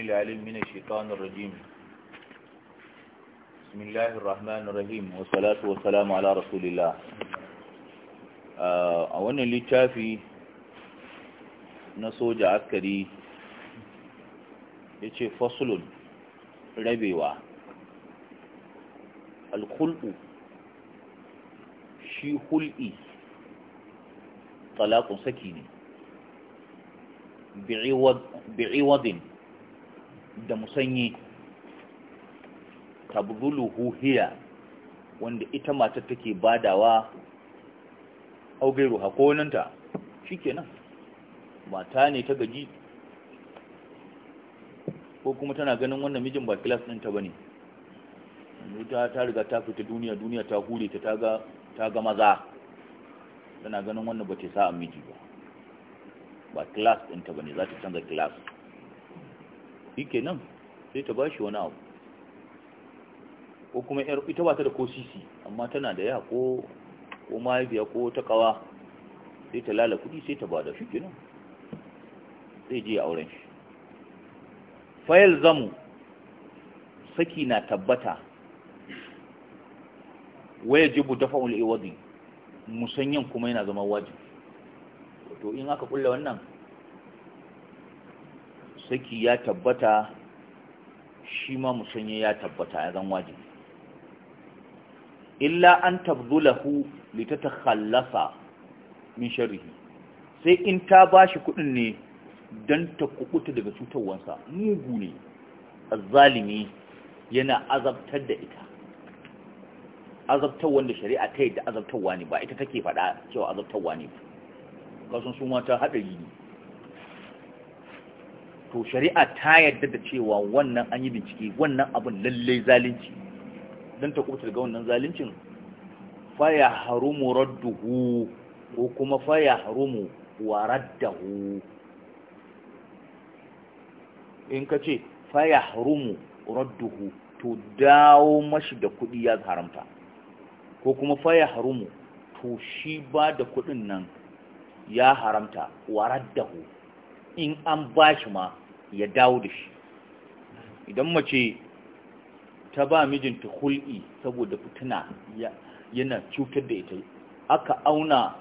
العليم من الشيطان الرجيم بسم الله الرحمن الرحيم والصلاة والسلام على رسول الله آه، أولا اللي تشافي نسوج عسكري يتشي فصل ربيوا الخلق شي خلقي طلاق سكيني بعوض بعوض da musanyi tabduluhu huhiya wanda ita matar take badawa augairu hakoninta shikenan mata ne ta gaji ko kuma tana ganin wannan mijin ba kilas ta ba ne ta ta riga ta fita duniya duniya ta hure ta ta ga maza tana ganin wannan ba ta sa miji ba ba kilas din ba ne za ta canza kilas ke nan sai ta bashi wani abu ko kuma ita ba ta da ko sisi amma tana da ya ko ko mahaifiya ko ta kawa sai ta lala kudi sai ta bada shi ke nan zai je auren shi fayil zamu saki na tabbata waya jibu dafa'ul iwadi musanyan kuma yana zama wajibi to in aka kulle wannan saki ya tabbata shi ma musanye ya tabbata ya zan wajibi illa an tabzulahu litatakhallasa min sharihi sai in ta ba shi kudin ne don ta kukuta daga cutarwansa mugu ne zalimi yana azabtar da ita azabtar wanda shari'a ta yi da azabtarwa ne ba ita take faɗa cewa azabtarwa ne ba kasan su mata haɗari ne to shari'a ta yarda da cewa wannan an yi bincike wannan abin lalle zalunci don ta kubuta ga wannan zaluncin faya harumu radduhu ko kuma faya harumu wa raddahu in ka ce faya harumu radduhu to dawo mashi da kuɗi ya haramta ko kuma faya harumu to shi ba da kuɗin nan ya haramta wa raddahu in an ba shi ma ya dawo da shi idan mace ta ba mijinta hul'i saboda fituna yana cutar da ita aka auna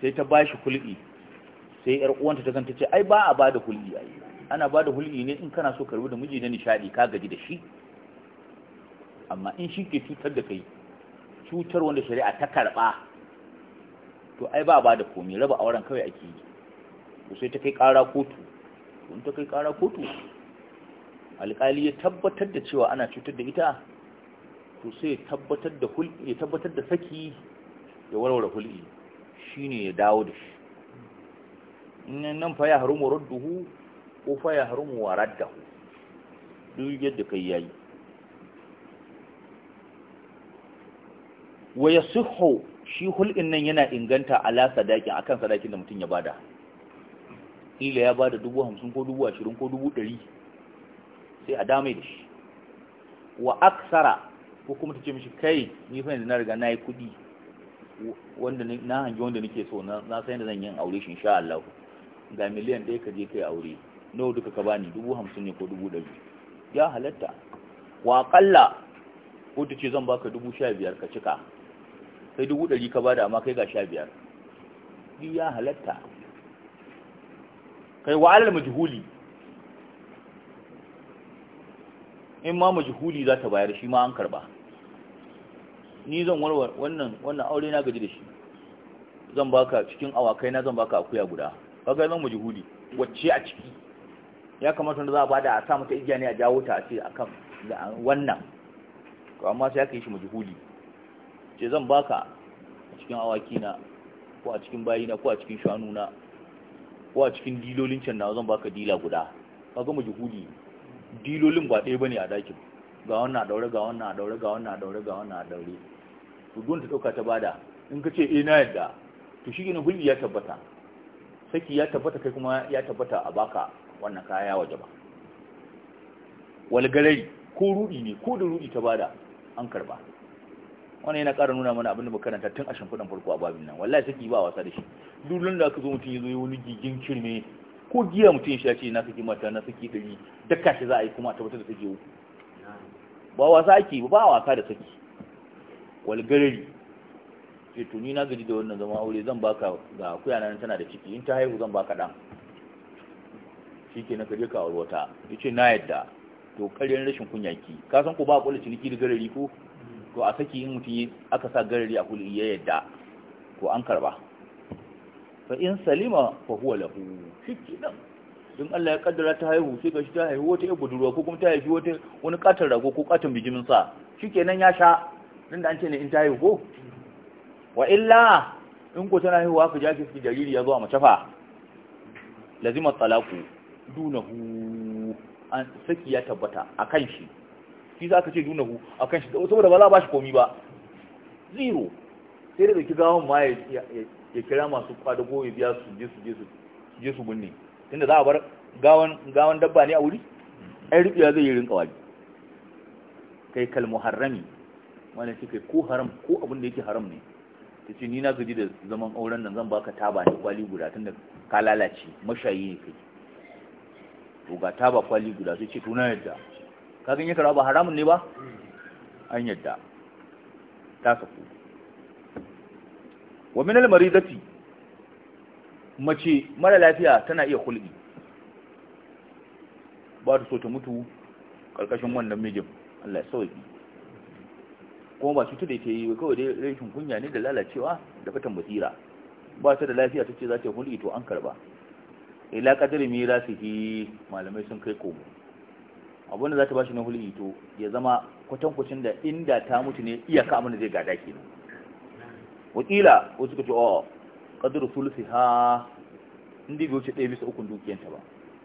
sai ta ba shi hul'i sai yar uwanta ta zanta ce ai ba a ba da hul'i yi ana ba da hul'i ne in kana so karbi da miji na nishadi ka gaji da shi amma in shi ke cutar da kai cutar wanda shari'a ta karba to ai ba a ba da komai raba auren kawai ake yi sai ta kai kara kotu in ta kai kara kotu alƙali ya tabbatar da cewa ana cutar da ita to sai ya tabbatar da saki ya warware shi shine ya dawo da shi in nan fa ya harumu radduhu ko fa ya harumu waraddahu duk yadda kai yayi wa yasihu shi hulɗin nan yana inganta ala sadakin akan sadakin da mutum ya bada ila ya ba da dubu hamsin ko dubu ashirin ko dubu ɗari sai a dame da shi wa aksara ko kuma ta ce mishi kai ni fa yanzu na riga na yi kuɗi wanda na hangi wanda nake so na san yadda zan yi aure shi insha Allah ga miliyan ɗaya ka je kai aure nawa duka ka bani dubu hamsin ne ko dubu ɗari ya halatta wa aƙalla ko ta ce zan baka dubu sha biyar ka cika kai dubu ɗari ka bada amma kai ga sha biyar ya halatta kai wa alal majhuli in ma majhuli za ta bayar shi ma an karba ni zan warwar wannan wannan aure na gaji da shi zan baka cikin awakai na zan baka akuya guda kaga zan majhuli wacce a ciki ya kamata wanda za a bada a sa mata igiya ne a jawo ta a ce a kan wannan to amma sai aka yi shi majhuli ce zan baka a cikin awaki na ko a cikin bayi na ko a cikin shanu na ko a cikin dilolin can na zan baka dila guda kaga jihudi dilolin ba ɗaya bane a dakin ga wannan a daure ga wannan a daure ga wannan a daure ga wannan a daure to don ta dauka ta bada in ka ce eh na yadda to shi ne hulbi ya tabbata saki ya tabbata kai kuma ya tabbata a baka wannan kaya waje ba wal galari ko rudi ne ko da rudi ta bada an karba wani yana ƙara nuna mana abin da karanta tun a shimfiɗan farko a babin nan wallahi suke ba wasa da shi duk da aka zo mutum ya zo wani gigin kirme ko giya mutum ya sha ce na saki mata na saki ɗari dakka shi za a yi kuma a tabbatar da saki uku ba wasa ake ba wasa da saki walgarari ce to ni na gaji da wannan zama aure zan baka ga kuyana nan tana da ciki in ta haihu zan baka dan shike na kaje ka aure wata yace na yadda to ƙaryar rashin kunya ki ka san ko ba kullu ciniki da garari ko to a saki yin mutum aka sa garari a kuli ya yadda ko an karba fa in salima fa huwa lahu nan? don Allah ya kaddara ta haihu sai gashi ta haihu wata budurwa ko kuma ta haifi wata wani katon rago ko katon bijimin sa shikenan ya sha Nan da an ce ne in ta haihu ko wa illa in ku tana haihuwa ku jaki su jariri ya zo a mace fa lazima talaku dunahu an saki ya tabbata akan shi shi za ka ce hu a kan shi saboda ba za a ba shi komi ba zero sai da ɗauki gawon ma ya kira masu kwadago ya biya su je su je su je su binne tunda za a bar gawon dabba ne a wuri ai rubiya zai yi rinka waje kai kal muharrami wannan shi kai ko haram ko abin da yake haram ne ta ce ni na gaji da zaman auren nan zan baka taba ne kwali guda tunda ka lalace mashayi ne kai to ga taba kwali guda sai ce tunayar da yadda kagin ya ba haramun ne ba an yadda ta saku wa minal maridati mace mara lafiya tana iya hulɗi ba da so ta mutu ƙarƙashin wannan mijin Allah ya sauki kuma ba cutu da ke yi kawai dai rashin kunya ne da lalacewa da fatan basira ba ta da lafiya ta ce za ta hulɗi to an karba ila ƙadar mira su malamai sun kai komo abinda za ta bashi na hulɗi to ya zama kwatankwacin da inda ta mutu ne iya ka mana zai gada ke nan wakila wasu suka ce o oh, kadar sulusi ha inda bai wuce ɗaya bisa ukun dukiyanta ba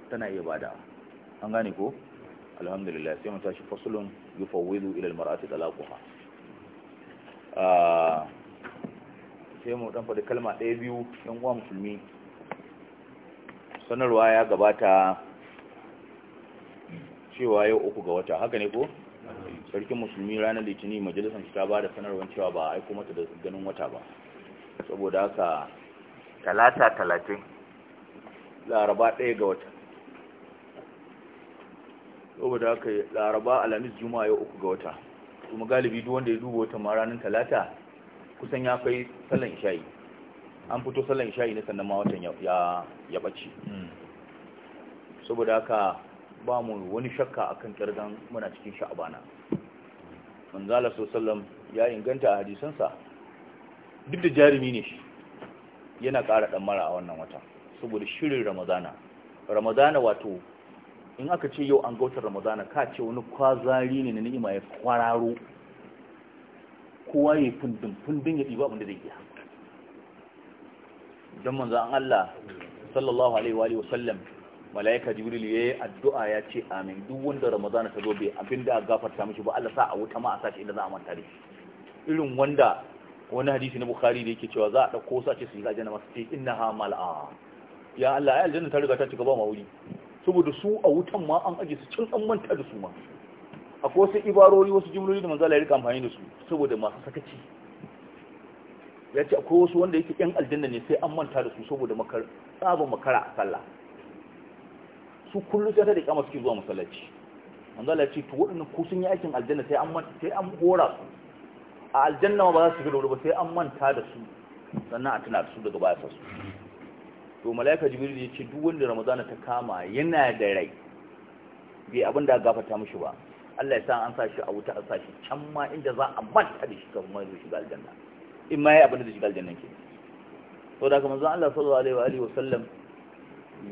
tana iya bada an gane ko alhamdulillah sai mu tashi fasulun yufawwidu ila almar'ati talaquha ah sai mu dan fadi kalma ɗaya biyu ɗan uwa musulmi sanarwa ya gabata cewa yau uku ga wata haka ne ko sarkin musulmi ranar litinin majalisar ta ba da sanarwar cewa ba a aiko mata da ganin wata ba saboda haka talata talatin laraba ɗaya ga wata saboda haka laraba alamis Juma yau uku ga wata kuma galibi duk wanda ya duba wata ma ranar talata kusan ya kai sallan shayi. an fito sallan shayi ne sannan ma watan ya ɓace hmm. saboda haka ba mu wani shakka akan kirgan muna cikin sha'abana manzala sallam ya inganta a sa. duk da jarumi ne shi yana ƙara mara a wannan wata saboda shirin ramadana ramadana wato in aka ce yau an gautar ramadana ka ce wani kwazari ne na ni'ima ya kwararo kowa ya yi fundin fundin ya ɗiba abinda zai iya don manzan Allah sallallahu alaihi wa sallam malaika jibril ya yi addu'a ya ce amin duk wanda ramadana ta zo bai abinda a gafarta mishi ba Allah sa a wuta ma a sace inda za a manta da shi irin wanda wani hadisi na bukhari da yake cewa za a dauko su a ce su yi aljanna masu ce innaha mal'a ya Allah ai aljanna ta riga ta cika ba ma wuri saboda su a wutan ma an aje su can an manta da su ma akwai wasu ibarori wasu jimloli da manzala ya rika amfani da su saboda masu sakaci ya ce akwai wasu wanda yake yan aljanna ne sai an manta da su saboda makar tsabin makara a sallah su kullum sai ta da kamar suke zuwa masallaci wanda Allah ya ce to waɗannan ko sun yi aikin aljanna sai an sai an hora su a aljanna ba za su shiga da ba sai an manta da su sannan a tuna da su daga baya sa su to malaika jibril ya ce duk wanda ramadana ta kama yana da rai bai abin da gafarta mishi ba Allah ya sa an sa shi a wuta an sa shi can ma inda za a manta da shi kafin ma zai shiga aljanna in ma yayi abin da zai shiga aljanna ke to da kuma manzo Allah sallallahu alaihi wa alihi wa sallam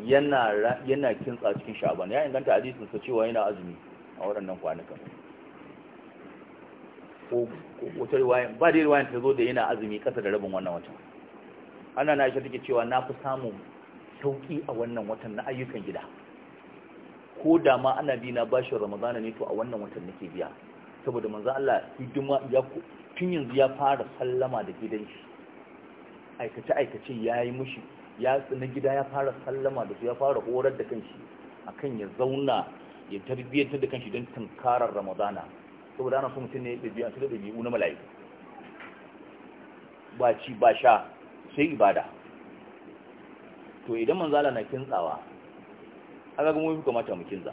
yana kintsa cikin sha'ban ya inganta hadisin sa cewa yana azumi a waɗannan kwanakan ko ba da riwaya ta zo da yana azumi ƙasa da rabin wannan watan ana na aisha take cewa na fi samun sauƙi a wannan watan na ayyukan gida ko da ma ana bi na bashin ramadana ne to a wannan watan nake biya saboda manzo Allah hidima ya tun yanzu ya fara sallama da gidan shi aikace aikace ya yi mushi ya na gida ya fara sallama da su ya fara horar da kanshi akan ya zauna ya tarbiyyantar da kanshi don tunkarar ramadana saboda ana so mutum ne biyu a su da ɗabi'u na malayi ba ci ba sha sai ibada to idan manzala na kintsawa aka ga mun kamata mu kinza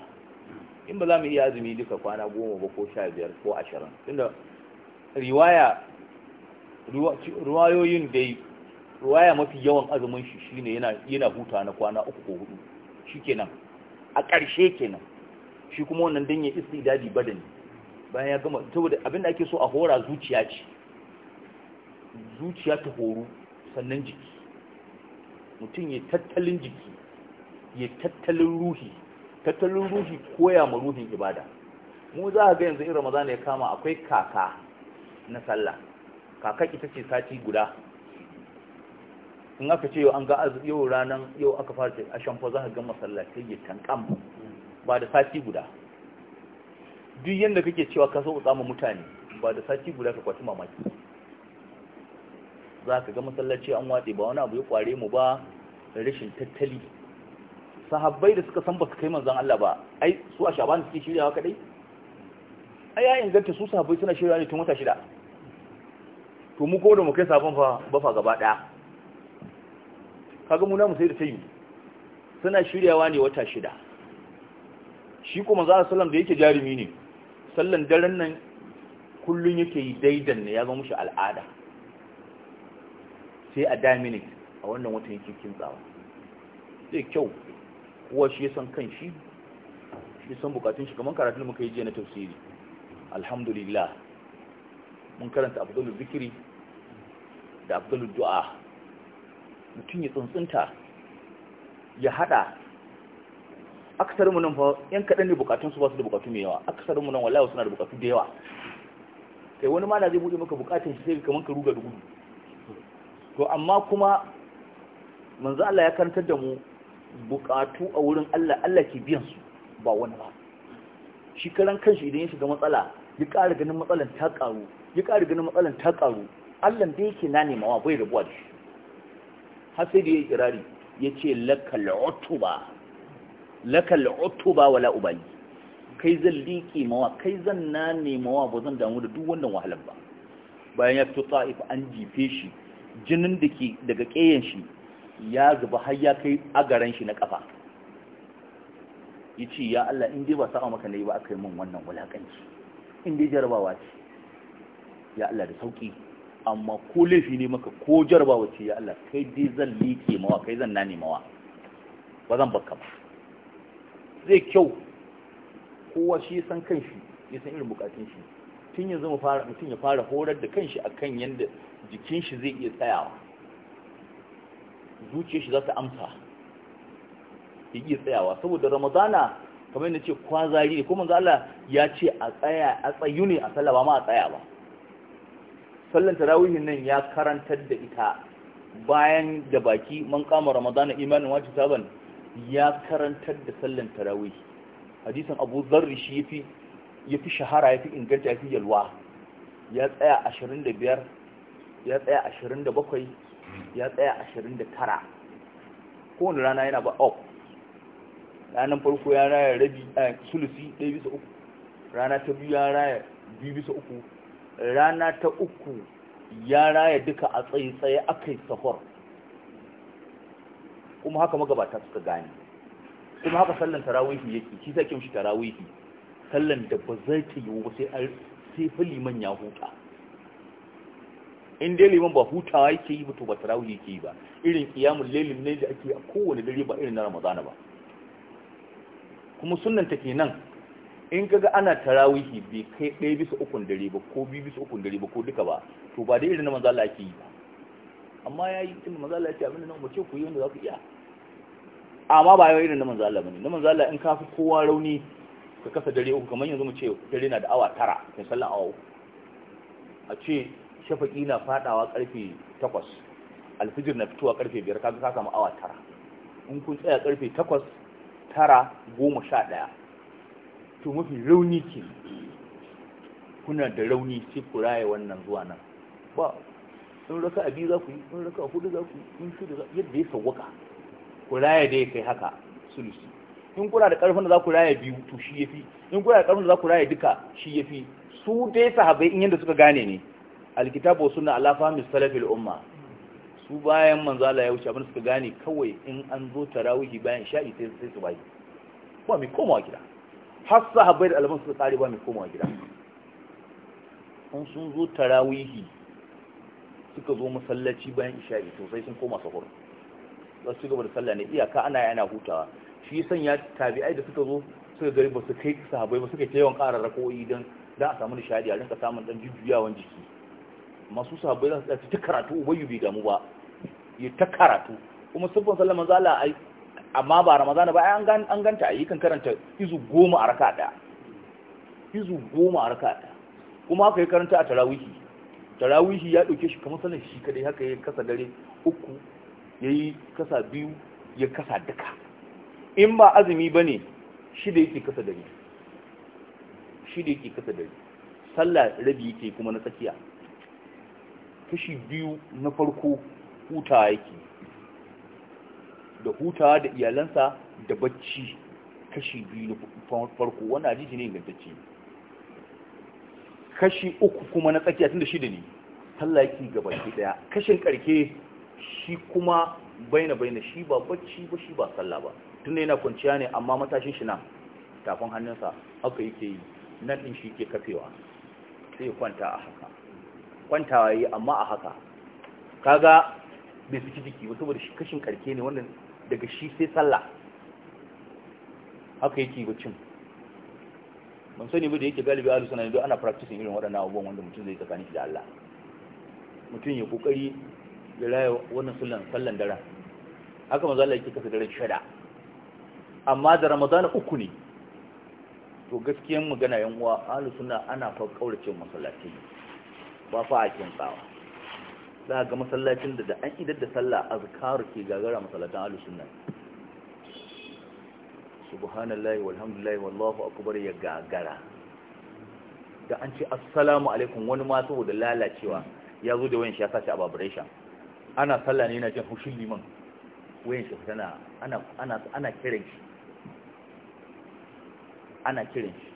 in ba za mu iya azumi duka kwana goma ba ko sha biyar ko ashirin tunda riwaya riwayoyin dai ruwaya mafi yawan azumin shi shine yana yana huta na kwana uku ko hudu shikenan a ƙarshe kenan shi kuma wannan dan ya istidadi badani bayan ya gama saboda abinda ake so a hora zuciya ce zuciya ta horo sannan jiki mutum ya tattalin jiki ya tattalin ruhi tattalin ruhi koya ma ruhin ibada mu za a ga yanzu in ramadana ya kama akwai kaka na sallah kaka ita ce sati guda in aka ce yau an ga yau ranar yau aka fara a shanfa za ka ga masallacin ya tankam ba da sati guda duk yadda kake cewa ka so tsama mutane ba da sati guda ka kwaci mamaki za ka ga masallaci an watsi ba wani abu ya kware mu ba rashin tattali sahabbai da suka san ba su kai manzan Allah ba ai su a shaban suke shiryawa kadai ai ya inganta su sahabbai suna shiryawa ne tun wata shida to mu ko da mu kai sabon fa ba fa gaba daya kaga mu namu sai da tayi suna shiryawa ne wata shida shi kuma za sallam da yake jarumi ne sallan daren nan kullun yake yi daidan ne ya zama shi al'ada sai a damini a wannan watan yake kintsawa sai kyau kowa shi ya san kan shi shi san bukatun shi kamar karatun muka yi jiya na tafsiri alhamdulillah mun karanta Abdul zikiri da Abdul du'a mutum ya tsuntsunta ya hada mu nan fa yan kadan ne bukatunsu ba su da bukatu mai yawa mu nan wallahi suna da bukatu da yawa kai wani ma na zai bude maka bukatun shi sai kaman ka ruga dugu to amma kuma manzo Allah ya kantar da mu bukatu a wurin Allah Allah ke biyan su ba wani ba shi karan kanshi idan ya shiga matsala ya ƙara ganin matsalan ta ƙaru ya ƙara ganin matsalan ta ƙaru Allah da yake na nemawa bai rabuwa da shi har sai da ya yi kirari ya ce lakal otu lakal utuba wala ubali kai zan liƙe mawa kai zan na nemawa ba zan damu da duk wannan wahalar ba bayan ya fito ta'if an jife shi jinin da ke daga ƙeyen shi ya zuba har ya kai agaran shi na ƙafa ya ce ya Allah in dai ba sa'a maka na yi ba aka yi min wannan wulaƙanci in dai jarabawa ce ya Allah da sauƙi amma ko laifi ne maka ko jarabawa ce ya Allah kai dai zan liƙe mawa kai zan nane mawa ba zan baka ba zai kyau kowa shi san kanshi ya san irin bukatun shi tun yanzu mu fara mutum ya fara horar da kanshi akan yanda jikin shi zai iya tsayawa zuciyar shi za ta amsa ya iya tsayawa saboda ramadana kamar yadda ce kwazari ne kuma manzo ya ce a tsaya a tsayu ne a sallah ma a tsaya ba sallan tarawihin nan ya karantar da ita bayan da baki man kama ramadana imanin wace saban ya karantar da sallan tarawih hadisin abu zarri shi yafi yafi shahara yafi inganta yafi yalwa ya tsaya 25 ya tsaya 27 ya tsaya 29 kowane rana yana ba up ranar farko ya raya rabi a eh, sulusi 1 bisa 3 rana ta biyu ya raya 2 bisa 3 rana ta uku ya raya duka a tsaye-tsaye aka yi sahur kuma haka magabata suka gane kuma haka sallan tarawihi yake shi sai kimshi tarawihi sallan da ba zai ta sai an sai liman ya huta in dai liman ba hutawa yake yi to ba tarawihi yake yi ba irin qiyamul lailin ne da ake a kowane dare ba irin na ramadana ba kuma sunnan ke nan. in kaga ana tarawihi bai kai ɗaya bisa ukun dare ba ko biyu bisa ukun dare ba ko duka ba to ba da irin na manzo Allah ake yi ba amma ya yi tun manzo Allah ya ce abin nan umarce ku yi wanda za ku iya amma ba irin na manzo Allah bane na manzo Allah in ka fi kowa rauni ka kasa dare uku kamar yanzu mu ce dare na da awa tara kin sallan awa uku a ce shafaki na fadawa karfe 8 alfijir na fitowa karfe ka kaga ka samu awa tara in kun tsaya karfe 8 tara goma sha ɗaya to mafi rauni ke kuna da rauni ce ku raye wannan zuwa nan ba in raka a biyu za ku yi in raka a hudu za ku yi in shida za yadda ya sauwaka ku raye da ya kai haka sulusi in kuna da karfin da za ku raye biyu to shi ya fi in kuna da karfin da za ku raye duka shi ya fi su dai sahabai in yadda suka gane ne alkitabu suna alafa fahmi umma su bayan manzo Allah ya wuce abin suka gane kawai in an zo tarawihi bayan sha'i sai sai su bayi ba mai komawa gida har sahabbai da alman suka tsari ba mai komawa gida in sun zo tarawihi suka zo masallaci bayan isha'i to sai sun koma sahur za su gaba da sallah ne iyaka ana yana hutawa shi ya sanya tabi'ai da suka zo suka gari ba su kai sahabbai ba suka yawan ƙara rako'i don za a samu nishadi a rinka samun dan jujjuyawan jiki masu sahabbai za su ta karatu ubayyubi bai damu ba ya ta karatu kuma sabon sallah manzo Allah amma ba ramadana ba ai an ganta a yi kan karanta izu goma a raka ɗaya izu goma a raka ɗaya kuma haka ya karanta a tarawihi tarawihi ya ɗauke shi kamar sanin shi kadai haka ya kasa dare uku ya yi kasa biyu ya kasa duka in ba azumi ba ne shi da yake kasa dare shi da yake kasa dare sallah rabi yake kuma na tsakiya kashi biyu na farko huta yake da hutawa da iyalansa da bacci kashi biyu na farko Wani hadisi ne ingantacce kashi uku kuma na tsakiya tun da shida ne sallah yake ga baki daya kashin karke shi kuma baina baina shi ba bacci ba shi ba sallah ba tun yana kwanciya ne amma matashin shi nan tafin hannunsa haka yake yi nan din shi ke kafewa sai ya kwanta a haka kwantawa yi amma a haka kaga bai saki jiki ba saboda shi kashin karke ne wannan daga shi sai sallah haka yake bacin ban sani ba da yake galibi a lusana yadda ana practicing irin waɗannan abubuwan wanda mutum zai tsakani shi da Allah mutum ya kokari ya raya wannan sallan sallan dara haka manzo Allah yake kasa daren shada amma da ramazan uku ne to gaskiyan magana yan uwa alu suna ana fa kaurace masallaci ba fa a kin tsawa za ga masallacin da an idar da sallah azkaru ke gagara masallatan ahlus sunna subhanallahi walhamdulillahi wallahu akbar ya gagara da an ce assalamu alaikum wani ma saboda lalacewa ya zo da wayan shi ya sace a vibration ana sallah ne yana jin hushin liman wayan shi tana ana ana ana kiran shi ana kiran shi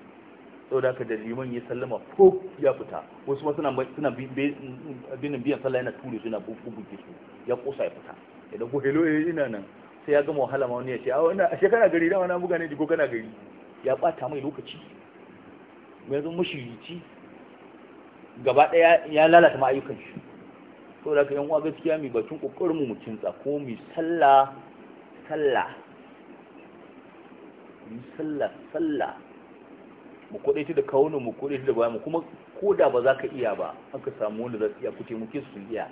saboda haka da liman ya sallama ko ya fita wasu ma suna suna binin biyan sallah yana tura suna bubuge su ya kosa ya fita idan ko hello eh ina nan sai ya gama wahala ma wani ya ce a ah, wannan a shekara gari da wannan buga ne digo kana gari ya bata mai lokaci mai zan mushirici gaba daya ya lalata ma ayyukan shi da ka yan uwa gaskiya mai bakin kokarin mu mutum tsako mai sallah sallah sallah sallah mu kuɗe da kaunin mu kuɗe da bayan mu kuma ko da ba za ka iya ba aka samu wanda za su iya ku muke su iya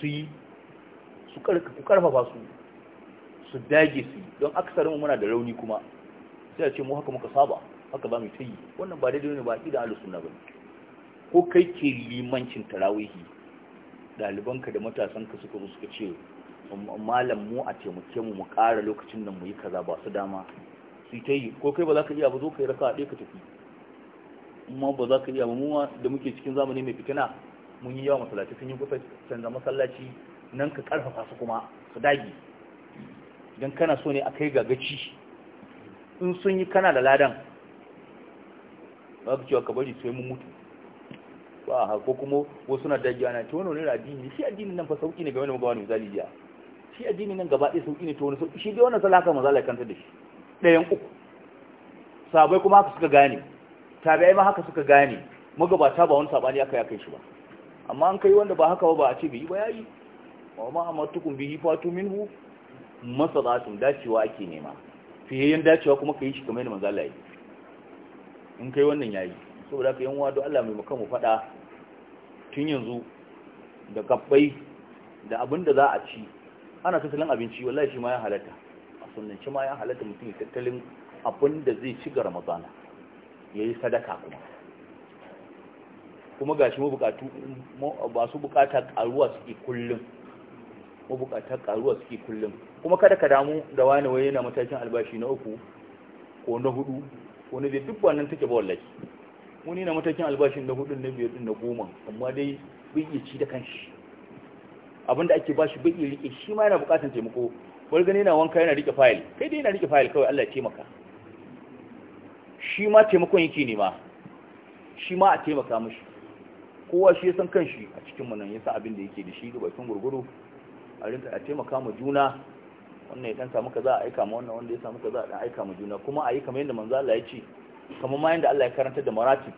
su yi su karfafa su su dage su don aksarin muna da rauni kuma sai a ce mu haka muka saba haka ba mu ta yi wannan ba daidai ne ba ki da ahlus sunna ba ko kai ke limancin tarawihi dalibanka da matasanka suka zo suka ce malam mu a taimake mu mu ƙara lokacin nan mu yi kaza ba su dama su ta yi ko kai ba za ka iya ba zo ka yi raka ɗaya ka tafi amma ba za ka iya ba muwa da muke cikin zamani mai fitina mun yi yawa masallaci sun yi kusa canza masallaci nan ka karfafa su kuma su dage idan kana so ne a kai gagaci in sun yi kana da ladan ba ka cewa ka bari sai mun mutu ba a ko kuma wasu na dagi ana ta wani wani addini shi addini nan fa sauƙi ne game da magawa ne misali jiya shi addinin nan gaba ɗaya sauƙi ne ta wani sauƙi shi dai wannan salaka maza la da shi ɗayan uku sabai kuma haka suka gane tabi'ai ma haka suka gane magabata ba wani sabani aka ya kai shi ba amma an kai wanda ba haka ba ba a ce bai yi ba yayi wa ma tukun bihi fatu min masa za su dacewa ake nema fiyayyen dacewa kuma ka yi shi kamar yadda manzo Allah yi in kai wannan ya yi saboda ka uwa da Allah mai maka mu fada tun yanzu da kabbai da abin da za a ci ana tattalin abinci wallahi shi ma ya halatta shi ma ya halatta mutum ya tattalin abin da zai ci ga ramadana ya yi sadaka kuma kuma ga shi masu bukata karuwa suke kullum mabukata karuwa suke kullum kuma kada ka damu da wani wani yana matakin albashi na uku ko na hudu ko na biyar duk wannan take ba wallahi Wani yana na matakin albashin na hudu na biyar na goma amma dai bai iya ci da kanshi abinda ake bashi bai iya rike shi ma yana bukatan taimako bari gani yana wanka yana rike fayil kai dai yana rike fayil kawai Allah ya taimaka shi ma taimakon yake nema shi ma a taimaka mishi kowa shi ya san kanshi a cikin mu nan ya san abin da yake da shi da bakin gurguru a rinka a taimaka mu juna wannan ya dan samu kaza a aika ma wannan wanda ya samu kaza a aika mu juna kuma a yi kamar yadda manzo Allah ya ce kamar ma yanda Allah ya karanta da maratib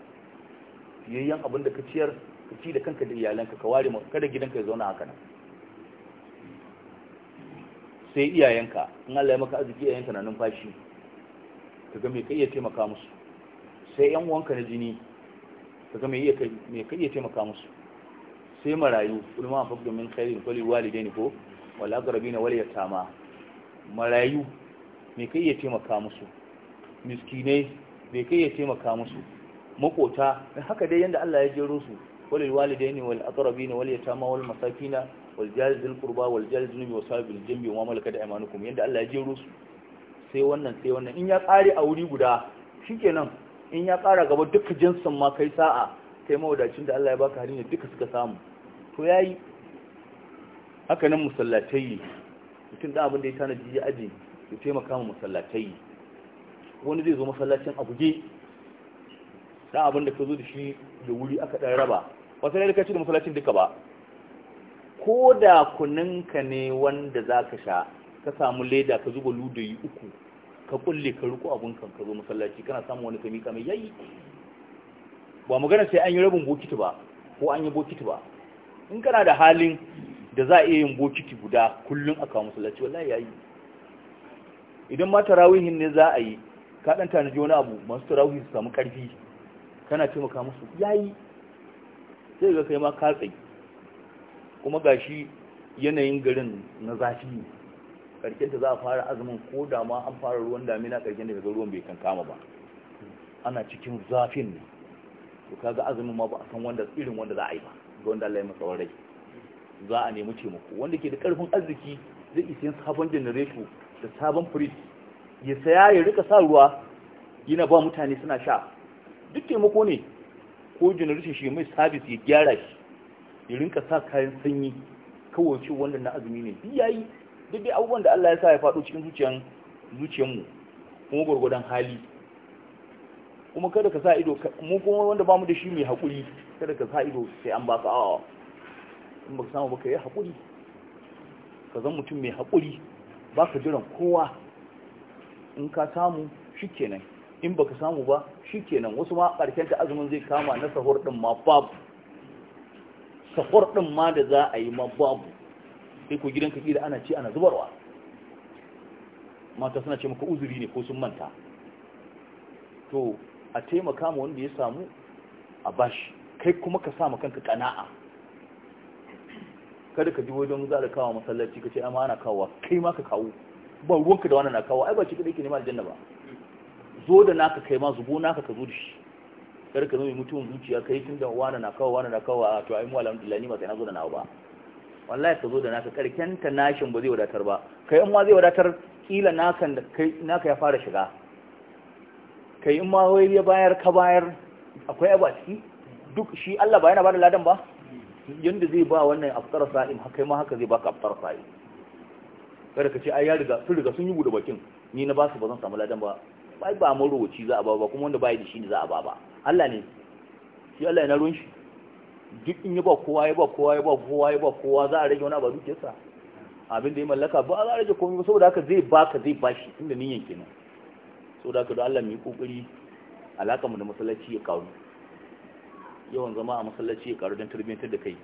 yayin abin da ka ciyar ka ci da kanka da iyalanka ka ware mu kada gidanka ya zauna haka nan sai iyayenka in Allah ya maka arziki iyayenka na numfashi ka ga me ka iya taimaka musu sai yan uwanka na jini ka ga me iya me ka iya taimaka musu sai marayu kul ma fa min khairin kulli walidaini ko wal aqrabina wal yatama marayu me ka iya taimaka musu miskinai me ka iya taimaka musu makota haka dai yanda Allah ya jero su kulli walidaini wal aqrabina wal yatama wal masakina wal jari zil kurba wal jari zunubi wasu abin jimbi wa malaka da imanukum yadda Allah ya jero su sai wannan sai wannan in ya kare a wuri guda shikenan in ya tsara gaba duka jinsin ma kai sa'a kai mawadacin da Allah ya baka harin da duka suka samu to yayi haka nan musallatai mutum da abin da ya tanadi ya aji ya taimaka ma musallatai wani zai zo masallacin a buge da abin da ka zo da shi da wuri aka dan raba wasu ne da ka ci da masallacin duka ba ko da kuninka ne wanda za ka sha ka samu leda ka zuba ludayi uku ka kulle ka riko abin kan ka zo masallaci kana samu wani kami mai yayi ba magana sai an yi rabin bokiti ba ko an yi bokiti ba in kana da halin da za a iya yin bokiti guda kullum a kawo masallaci wallahi yayi idan ma tarawihin ne za a yi ka dan tanaji wani abu masu tarawihi su samu karfi kana taimaka musu yayi sai ga kai ma ka tsayi kuma gashi yanayin garin na zafi ne karken ta za a fara azumin ko da ma an fara ruwan damina karken da ruwan bai kan kama ba ana cikin zafin ne to kaga azumin ma ba a san wanda irin wanda za a yi ba ga wanda Allah ya masa rai za a nemi taimako wanda ke da karfin arziki zai isa sabon janareto da sabon fridge ya saya ya rika sa ruwa yana ba mutane suna sha duk taimako ne ko generation shi mai service ya gyara shi ya rinka sa kayan sanyi kawai ce wannan na azumi ne bi yayi duk dai abubuwan da Allah ya sa ya faɗo cikin zuciyan zuciyanmu kuma gurgurdan hali kuma kada ka sa ido mu kuma wanda bamu da shi mai hakuri, kada ka sa ido sai an ba ka awa in baka samu baka yi hakuri, ka zan mutum mai hakuri, ba ka jiran kowa in ka samu shikenan in baka samu ba shikenan wasu ma karkenta azumin zai kama na sahur din ma babu Safar ɗin ma da za a yi ma babu sai ku gidan kaki da ana ci ana zubarwa mata suna ce maka uzuri ne ko sun manta to a taimaka ma wanda ya samu a bashi kai kuma ka sa kanka kana'a kada ka ji wajen za da kawo masallaci ka ce amma ana kawo kai ma ka kawo ba ruwanka da wani na kawo ai ba ce kadai ke nema janna ba zo da naka kai ma zubo naka ka zo da shi kar ka zama mutum zuciya kai tun da wani na kawo wani na kawo a to ai mu alhamdulillah ni ba sai na zo da nawa ba wallahi ka zo da naka karken ta nashin ba zai wadatar ba kai in ma zai wadatar kila naka da kai naka ya fara shiga kai in ma wai ya bayar ka bayar akwai abu a ciki duk shi Allah ba yana bada ladan ba yanda zai ba wannan afkar sa'im kai ma haka zai baka afkar sa'im kada ka ce ai ya riga sun riga sun yi bude bakin ni na ba su ba zan samu ladan ba bai ba marowaci za a ba ba kuma wanda bai da shi ne za a ba ba Allah ne shi Allah yana ruwan shi duk in yi ba kowa ya ba kowa ya ba kowa ya ba kowa za a rage wani abu sa abin da ya mallaka ba za a rage komai ba saboda haka zai ba ka zai bashi tunda niyan kenan saboda haka don Allah mu yi kokari alaka mu da masallaci ya karu yawan zama a masallaci ya karu don tarbiyyantar da kai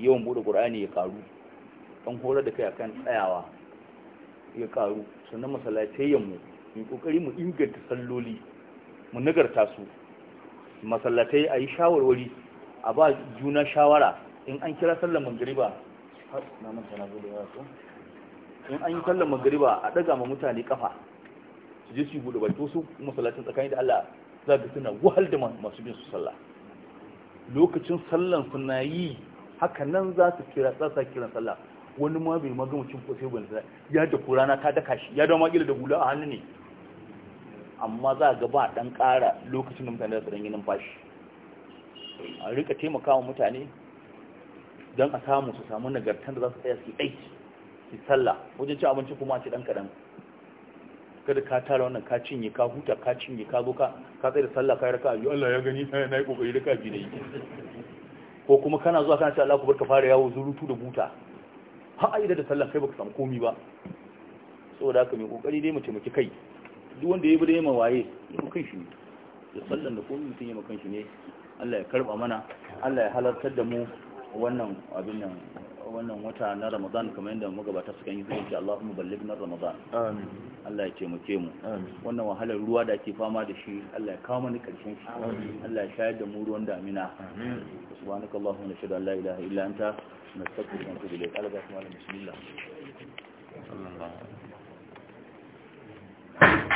yawan bude qur'ani ya karu dan horar da kai akan tsayawa ya karu sannan masallatayen mu mu kokari mu inganta salloli mu nagarta su masallatai a yi shawarwari a ba juna shawara in an kira sallar magariba in an yi sallar magariba a daga ma mutane kafa su je su buɗe baki su masallacin tsakanin da Allah za ka suna wahal da masu bin su sallah lokacin sallan suna yi haka nan za su kira tsasa kiran sallah wani ma bai magana cin ko sai ya da kurana ta daka shi ya da ma da hula a hannu ne amma za ga ba dan ƙara lokacin da mutane su yi numfashi a rika taimakawa mutane don a samu su samu nagartar da za su tsaya su aiki su sallah wajen ci abinci kuma ce ɗan dan kaɗan kada ka tara wannan ka cinye ka huta ka cinye ka zo ka tsaye da sallah ka raka yi Allah ya gani na yi kokari ka bi da yi ko kuma kana zuwa kana ce Allah ku barka fara yawo zurutu da buta har a yi da sallah kai baka samu komi ba saboda haka mai kokari dai mu taimaki kai duk wanda ya bi da yamma waye ya makan shi ne da sallan da komai mutum ya makan shi ne Allah ya karba mana Allah ya halartar da mu wannan abin nan wannan wata na Ramadan kamar yadda magabata suka yi zai ce Allahumma ballighna Ramadan amin Allah ya taimake mu wannan wahalar ruwa da ake fama da shi Allah ya kawo mana karshen shi Allah ya shayar da mu ruwan damina amin subhanakallahumma nashhadu an la ilaha illa anta nastaghfiruka wa natubu ilayk alaba kuma bismillah sallallahu alaihi